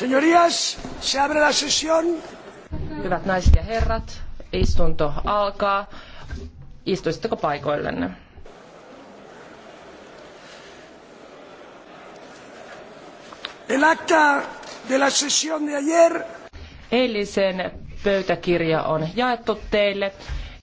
Señorías, se abre la sesión. Hyvät naiset ja herrat, istunto alkaa. Istuisitteko paikoillenne? El acta de la sesión de ayer. Eilisen pöytäkirja on jaettu teille.